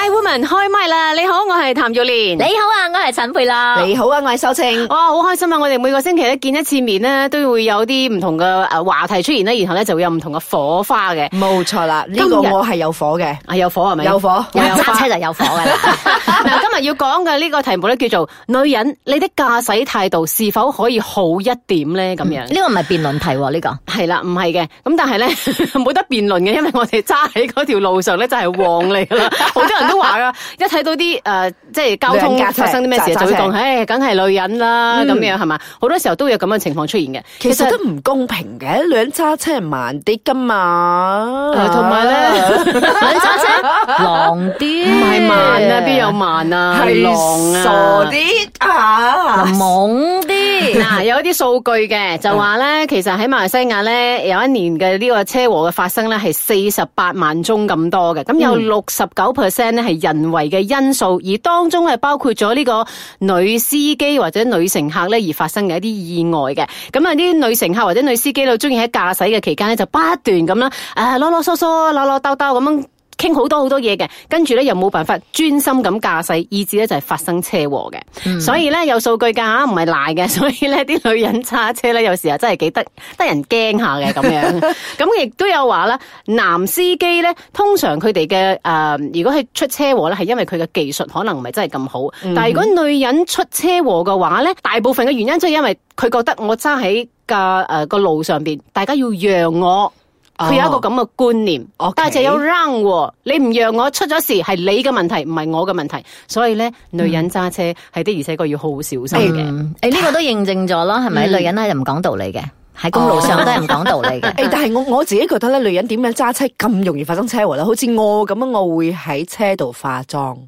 Hi, woman，開嘜啦！你好，我係譚玉蓮。你好啊，我係陳佩樂。你好啊，我係秀清。哇，好開心啊！我哋每個星期咧見一次面咧，都會有啲唔同嘅，誒話題出現咧，然後咧就會有唔同嘅火花嘅。冇錯啦，呢個我係有火嘅。啊，有火係咪？有火，揸車就有火嘅啦。嗱，今日要講嘅呢個題目咧叫做《女人你的駕駛態度是否可以好一點咧》咁樣？呢個唔係辯論題喎，呢個係啦，唔係嘅。咁但係咧冇得辯論嘅，因為我哋揸喺嗰條路上咧就係旺嚟噶啦，好多人。都話啦，一睇到啲誒，即係交通發生啲咩事，就會講，唉，梗係女人啦，咁樣係嘛？好多時候都有咁嘅情況出現嘅。其實都唔公平嘅，女人揸車係慢啲噶嘛，同埋咧，女人揸車狼啲，唔係慢啊，邊有慢啊，係浪啊，傻啲啊，懵啲。嗱，有一啲數據嘅，就話咧，其實喺馬來西亞咧，有一年嘅呢個車禍嘅發生咧，係四十八萬宗咁多嘅，咁有六十九 percent 咧。係人為嘅因素，而當中係包括咗呢個女司機或者女乘客咧而發生嘅一啲意外嘅。咁啊，呢啲女乘客或者女司機咧，中意喺駕駛嘅期間咧，就不斷咁啦，啊囉囉嗦嗦、囉囉兜兜咁樣。囉囉嗦嗦傾好多好多嘢嘅，跟住咧又冇辦法專心咁駕駛，以至咧就係發生車禍嘅、mm hmm.。所以咧有數據噶，唔係賴嘅。所以咧啲女人揸車咧，有時啊真係幾得得人驚下嘅咁樣。咁亦都有話啦，男司機咧通常佢哋嘅誒，如果係出車禍咧，係因為佢嘅技術可能唔係真係咁好。Mm hmm. 但係如果女人出車禍嘅話咧，大部分嘅原因就係因為佢覺得我揸喺架誒個路上邊，大家要讓我。佢、哦、有一個咁嘅觀念，但係就有 run，你唔讓我出咗事係你嘅問題，唔係我嘅問題。所以咧，女人揸車係、嗯、的，而且確要好，好小心嘅。誒呢、哎嗯哎這個都認證咗咯，係咪？嗯、女人咧就唔講道理嘅，喺公路上都係唔講道理嘅、哦 哎。但係我我自己覺得咧，女人點樣揸車咁容易發生車禍咧？好似我咁樣，我會喺車度化妝，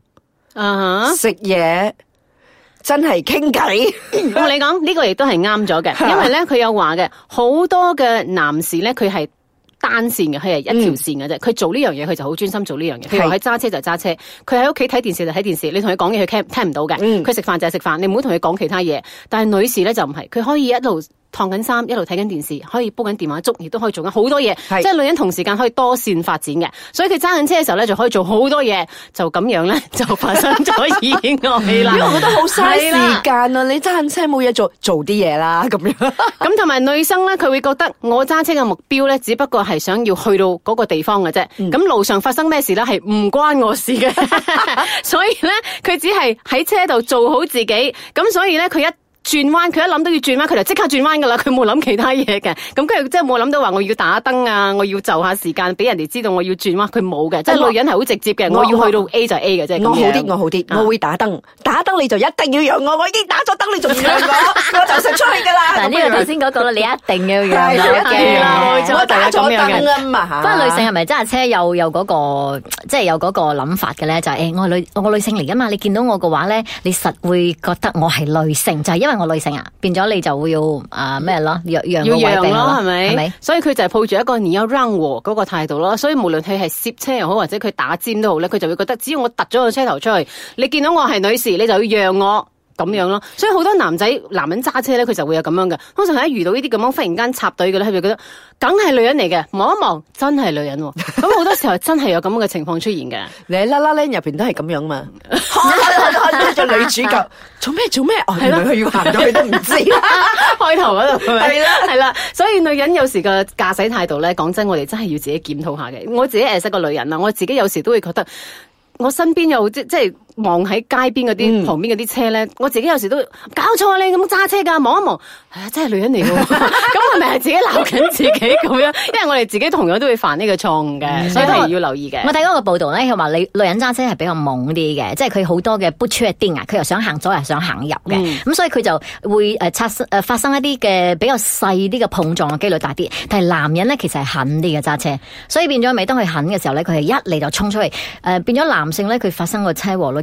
啊哈，食嘢，真係傾偈。我 同你講，呢、這個亦都係啱咗嘅，因為咧佢有話嘅，好多嘅男士咧，佢係。單線嘅，佢係一條線嘅啫。佢、嗯、做呢樣嘢，佢就好專心做呢樣嘢。譬如佢揸車就揸車，佢喺屋企睇電視就睇電視。你同佢講嘢，佢聽聽唔到嘅。佢食飯就係食飯。你唔好同佢講其他嘢。但係女士咧就唔係，佢可以一路。燙緊衫，一路睇緊電視，可以煲緊電話粥，亦都可以做緊好多嘢。是即係女人同時間可以多線發展嘅。所以佢揸緊車嘅時候咧，就可以做好多嘢。就咁樣咧，就發生咗意外 我啦。因為我覺得好嘥時間啊，你揸緊車冇嘢做，做啲嘢啦咁樣。咁同埋女生咧，佢會覺得我揸車嘅目標咧，只不過係想要去到嗰個地方嘅啫。咁、嗯、路上發生咩事咧，係唔關我事嘅。 所以咧，佢只係喺車度做好自己。咁所以咧，佢一。轉彎，佢一諗到要轉彎，佢就即刻轉彎噶啦。佢冇諗其他嘢嘅，咁佢即係冇諗到話我要打燈啊，我要就下時間俾人哋知道我要轉彎。佢冇嘅，即係女人係好直接嘅。我要去到 A 就 A 嘅啫。我好啲，我好啲，我會打燈，打燈你就一定要讓我，我已經打咗燈，你仲唔讓我？我就食出去噶啦。但呢個頭先嗰個，你一定要讓我，打咗燈啊嘛。不過女性係咪揸車有有嗰個，即係有嗰個諗法嘅咧？就係我女我女性嚟噶嘛，你見到我嘅話咧，你實會覺得我係女性，就係因為。女性啊，變咗你就會要啊咩咯，讓、呃、讓個位兵係咪？吧所以佢就係抱住一個年幼 run 和嗰個態度咯，所以無論佢係攝車又好，或者佢打尖都好咧，佢就會覺得只要我突咗個車頭出去，你見到我係女士，你就要讓我。咁樣咯，所以好多男仔男人揸車咧，佢就會有咁樣嘅。通常喺遇到呢啲咁樣忽然間插隊嘅咧，係咪覺得梗係女人嚟嘅？望一望，真係女人喎。咁好 多時候真係有咁樣嘅情況出現嘅。 你 La La Land 入邊都係咁樣嘛？做 女主角，做咩做咩？係啦，要行到去都唔知啦。 開頭嗰度係啦，係啦。 所以女人有時嘅駕駛態度咧，講真，我哋真係要自己檢討下嘅。我自己誒，識個女人啦，我自己有時都會覺得，我身邊有即即係。望喺街邊嗰啲旁邊嗰啲車咧，嗯、我自己有時都搞錯，你咁揸車噶，望一望，唉、哎，真係女人嚟嘅。咁係咪係自己鬧緊自己咁樣？因為我哋自己同樣都會犯呢個錯誤嘅，嗯、所以係要留意嘅。我睇嗰個報道咧，佢話女女人揸車係比較猛啲嘅，即係佢好多嘅 butch 啊、癲啊，佢又想行左又想行入嘅，咁、嗯、所以佢就會誒、呃、發生一啲嘅比較細啲嘅碰撞嘅幾率大啲。但係男人咧，其實係狠啲嘅揸車，所以變咗咪當佢狠嘅時候咧，佢係一嚟就衝出去。誒、呃、變咗男性咧，佢發生個車禍率。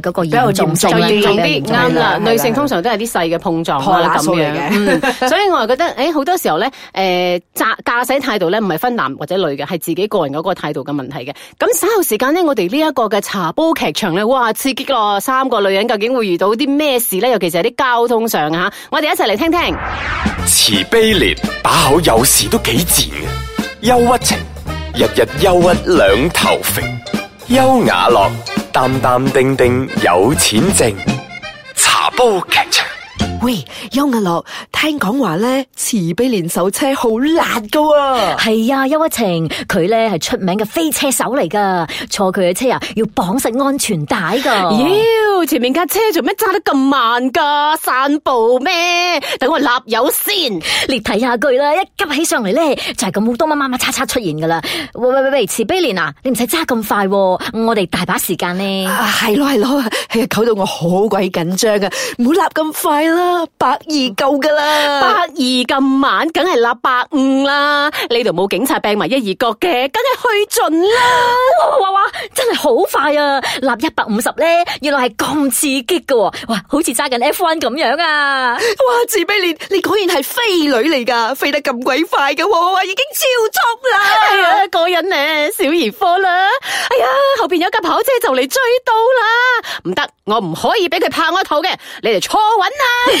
個比較嚴重嘅，嚴重啲啱啦。女性通常都係啲細嘅碰撞啦咁的樣，所以我又覺得，誒、欸，好多時候咧，誒、呃，駕駕駛態度咧，唔係分男或者女嘅，係自己個人嗰個態度嘅問題嘅。咁稍後時間咧，我哋呢一個嘅茶煲劇場咧，哇，刺激咯！三個女人究竟會遇到啲咩事咧？尤其是喺啲交通上吓，我哋一齊嚟聽聽。慈悲劣把口有時都幾賤嘅，憂鬱情日日憂鬱兩頭肥，優雅樂。淡淡定定，有錢剩，茶煲劇場。喂，邱亞樂，聽講話咧，慈悲連手車好辣噶。係呀、 啊，邱一晴，佢咧係出名嘅飛車手嚟噶，坐佢嘅車啊，要綁實安全帶噶。妖，前面架車做咩揸得咁慢噶？散步咩？等我立友先，你睇下佢啦，一急起上嚟咧就係咁好多乜乜乜叉叉出現噶啦。喂喂喂，慈悲連啊，你唔使揸咁快，啊，我哋大把時間咧。係咯係咯，係啊，搞到我好鬼緊張㗎。唔好立咁快啦，啊。百二夠噶啦，百二咁慢梗係立百五啦。呢度冇警察病埋一二角嘅，梗係去盡啦。哇，哇哇，真係好快啊！立一百五十咧，原來係咁刺激噶。哇，好似揸緊 F1 咁樣啊！哇，自卑鏈，你果然係飛女嚟噶，飛得咁鬼快㗎喎。已經超速啦！係啊、哎，過癮咧，小兒科啦。哎呀，後邊有架跑車就嚟追到啦，唔得，我唔可以俾佢拍我套嘅，你哋坐穩啦。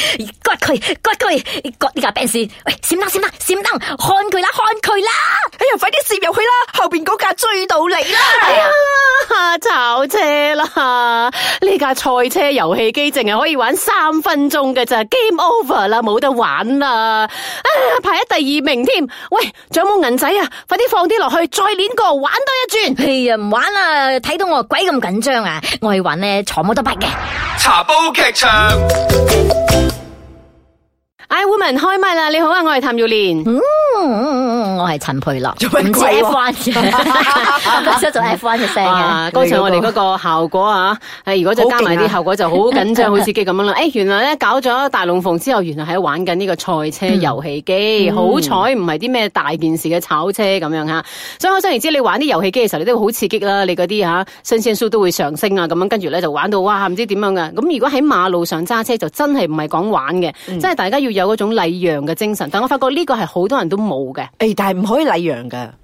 颳佢，颳佢，颳呢架 Benz！喂，閃啦，閃啦，閃啦，看佢啦，看佢啦！哎呀，快啲閃入去啦，後邊嗰架追到嚟啦！哎呀，炒車啦！呢架賽車遊戲機淨係可以玩三分鐘嘅咋，game over 啦，冇得玩啦！啊、哎，排喺第二名添。喂，仲有冇銀仔啊？快啲放啲落去，再練過，玩多一轉。哎呀，唔玩啦，睇到我鬼咁緊張啊！我去搵呢坐冇得 b 嘅。茶煲劇場。I woman 開嘜啦！你好啊，我係譚耀蓮。Mm hmm. 我係陳佩樂，唔、啊、知 F1 嘅，唔識做 F1 嘅聲嘅。哇，剛才我哋嗰個效果啊，誒，如果再加埋啲效果就好緊張、好、啊、刺激咁樣啦。誒、 哎，原來咧搞咗大龍鳳之後，原來喺玩緊呢個賽車遊戲機，嗯、好彩唔係啲咩大件事嘅炒車咁樣吓。所以可想而知，你玩啲遊戲機嘅時候，你都會好刺激啦。你嗰啲吓新鮮度都會上升啊，咁樣跟住咧就玩到哇，唔知點樣噶。咁如果喺馬路上揸車就真係唔係講玩嘅，嗯、真係大家要有嗰種禮讓嘅精神。但我發覺呢個係好多人都冇嘅。欸、但係唔可以禮讓噶。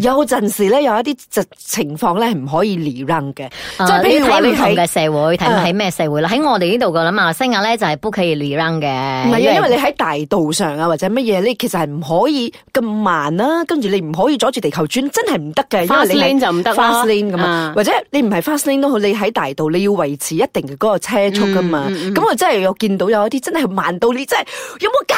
有陣時咧，有一啲情況咧唔可以亂嘅，即譬如喺唔同嘅社會，睇唔係咩社會啦。喺我哋呢度嘅啦嘛，星雅咧就係不可以亂嘅。唔係啊，因為你喺大道上啊，或者乜嘢，你其實係唔可以咁慢啦。跟住你唔可以阻住地球轉，真係唔得嘅。因為你 Fast lane 就唔得啦，Fast lane 咁啊，或者你唔係 Fast lane 都好，你喺大道你要維持一定嘅嗰個車速噶嘛。咁我真係有見到有一啲真係慢到你，真係有冇搞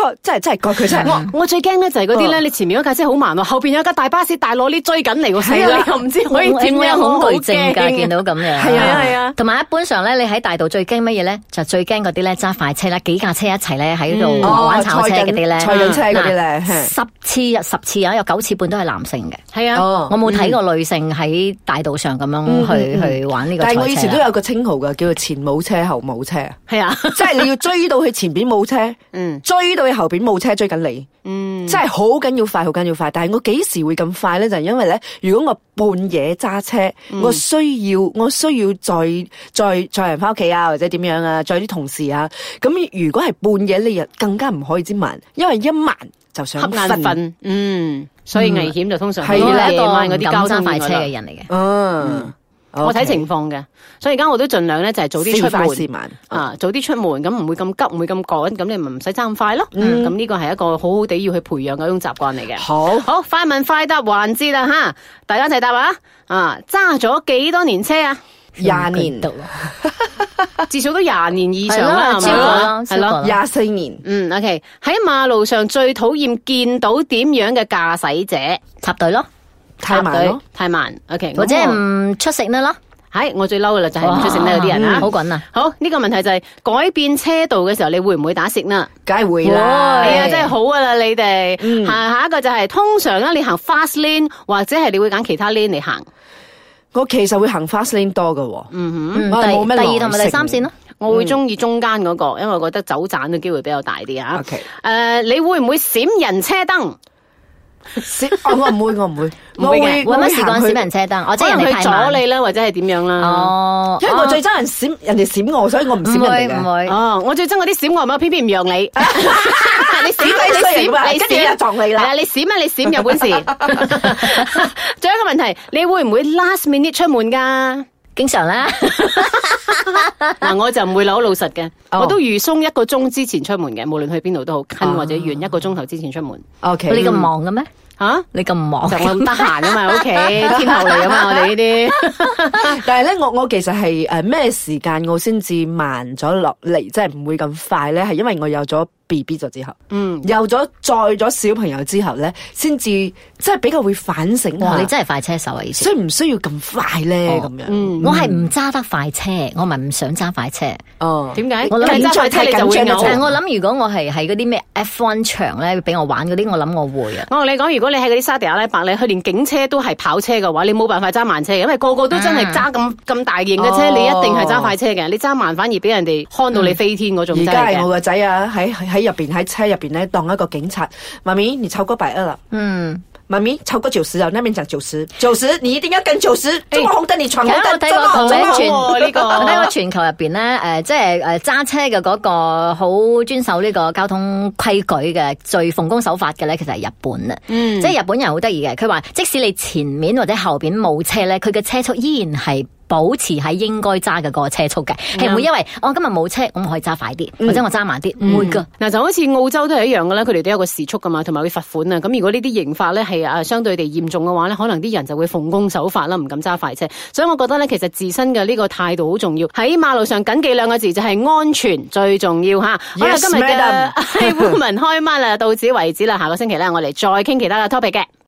錯？真係真係佢真係。我最驚咧就係嗰啲咧，你前面嗰架車好慢喎，後邊有一架。大巴士大佬啲追緊嚟喎，所以你又唔知咩恐懼症㗎，見到咁樣。係啊係啊，同埋一般上咧，你喺大道最驚乜嘢咧？就最驚嗰啲咧揸快車啦幾架車一齊咧喺度玩炒車嗰啲咧，踩車嗰啲咧，十次十次有有九次半都係男性嘅。係啊，我冇睇過女性喺大道上咁樣去去玩呢個。但我以前都有個稱號嘅，叫做前冇車後冇車。係啊，即係你要追到佢前邊冇車，追到佢後邊冇車追緊你，真係好緊要快，好緊要快。但係我幾時會咁快呢？就係、是、因為呢，如果我半夜揸車、嗯我，我需要我需要再再載人翻屋企啊，或者點樣啊，載啲同事啊。咁如果係半夜，你日更加唔可以之慢，因為一慢就想瞓。瞌眼瞓。嗯，所以危險就通常係一個夜晚嗰啲交叉快車嘅人嚟嘅。嗯。Okay. 我睇情況嘅，所以而家我都盡量咧就係、是、早啲出門四快四慢啊，早啲出門咁唔會咁急，唔會咁趕，咁你咪唔使揸咁快咯。咁呢、嗯、個係一個好好地要去培養嗰種習慣嚟嘅。好，好快問快答環節啦吓，大家一齊答啊！啊，揸咗幾多年車啊？廿年，至少都廿年以上 啦，係咪啊？係咯，廿四年。嗯，OK。喺馬路上最討厭見到點樣嘅駕駛者？插隊咯。太慢咯，太慢。OK，或者唔出食呢？咯，係我最嬲嘅啦，就係唔出食呢啲人啊，好滾啊！好，呢個問題就係改變車道嘅時候，你會唔會打食呢？梗係會啦，依家真係好啊啦，你哋。嗯，下下一個就係通常咧，你行 fast lane 或者係你會揀其他 lane 嚟行。我其實會行 fast lane 多嘅。嗯嗯，第第二同埋第三線咯，我會中意中間嗰個，因為我覺得走盞嘅機會比較大啲啊。OK，誒，你會唔會閃人車燈？閃我唔會，我唔會，我會乜時間閃人車燈，我即係人哋阻你啦，或者係點樣啦。哦，因為我最憎人閃人哋閃我，所以我唔閃人哋唔會哦，我最憎嗰啲閃我，我偏偏唔讓你。你閃，你你撞你啦！係你閃啊，你閃有本事。最後一個問題，你會唔會 last minute 出門噶？經常啦，嗱、 啊、我就唔會扭老實嘅，oh. 我都預鬆一個鐘之前出門嘅，無論去邊度都好近或者遠，一個鐘頭之前出門。O K，你咁忙嘅咩？吓，你咁忙嘅就我咁得閒啊嘛，屋企、 okay, 天后嚟啊嘛， 我哋呢啲。但係咧，我我其實係誒咩時間我先至慢咗落嚟，即係唔會咁快咧，係因為我有咗。B B 咗之後，嗯，有咗載咗小朋友之後咧，先至即係比較會反省。哇，你真係快車手啊！意思需唔需要咁快咧？咁樣，我係唔揸得快車，我咪唔想揸快車。哦，點解？我諗在你就會。但係我諗，如果我係喺嗰啲咩 F1 場咧，俾我玩嗰啲，我諗我會啊！我同你講，如果你喺嗰啲沙地阿拉伯咧，佢連警車都係跑車嘅話，你冇辦法揸慢車，因為個個都真係揸咁咁大型嘅車，你一定係揸快車嘅，你揸慢反而俾人哋看到你飛天嗰種。而家係我個仔啊，喺。喺入邊喺車入邊咧當一個警察，媽咪你超過百二啦，嗯、mm.，媽咪超過九十啦，那邊就九十九十，你一定要跟九十，得得全球入邊咧，誒、呃，即係誒揸車嘅個好遵守呢個交通規矩嘅最奉公守法嘅咧，其實係日本啦，嗯、即係日本人好得意嘅，佢話即使你前面或者後邊冇車咧，佢嘅車速依然係。保持喺應該揸嘅嗰個車速嘅，係唔會因為我 Yeah.、哦、今日冇車，咁我可以揸快啲，mm. 或者我揸慢啲，唔會噶。嗱、mm. 就好似澳洲都係一樣嘅啦，佢哋都有個時速噶嘛，同埋會罰款啊。咁如果呢啲刑法咧係啊相對地嚴重嘅話咧，可能啲人就會奉公守法啦，唔敢揸快車。所以我覺得咧，其實自身嘅呢個態度好重要。喺馬路上緊記兩個字就係安全最重要吓，yes, 我今日嘅係 Iwoman 開嘜啦，到此為止啦。下個星期咧，我嚟再傾其他嘅 topic 嘅。